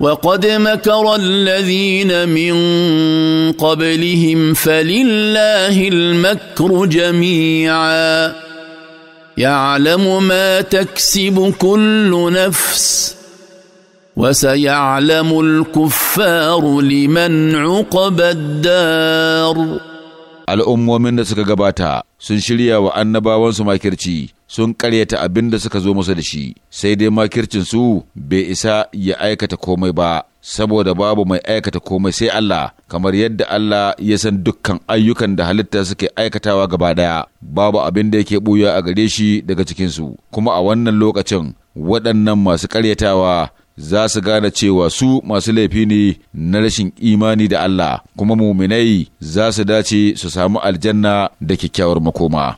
وقد مكر الذين من قبلهم فلله المكر جميعا يعلم ما تكسب كل نفس وسيعلم الكفار لمن عقب الدار الأم ومن suka gabata sun وأنبا wa sun karyata abin da suka zo masa da shi sai dai makircin su bai isa ya aikata komai ba saboda babu mai aikata komai sai Allah kamar yadda Allah ya san dukkan ayyukan da halitta suke aikatawa gaba ɗaya babu abin da yake buya a gare shi daga cikin su kuma a wannan lokacin waɗannan masu karyatawa za su gane cewa su masu laifi ne na rashin imani da Allah kuma muminai za su dace su samu aljanna da kyakkyawar makoma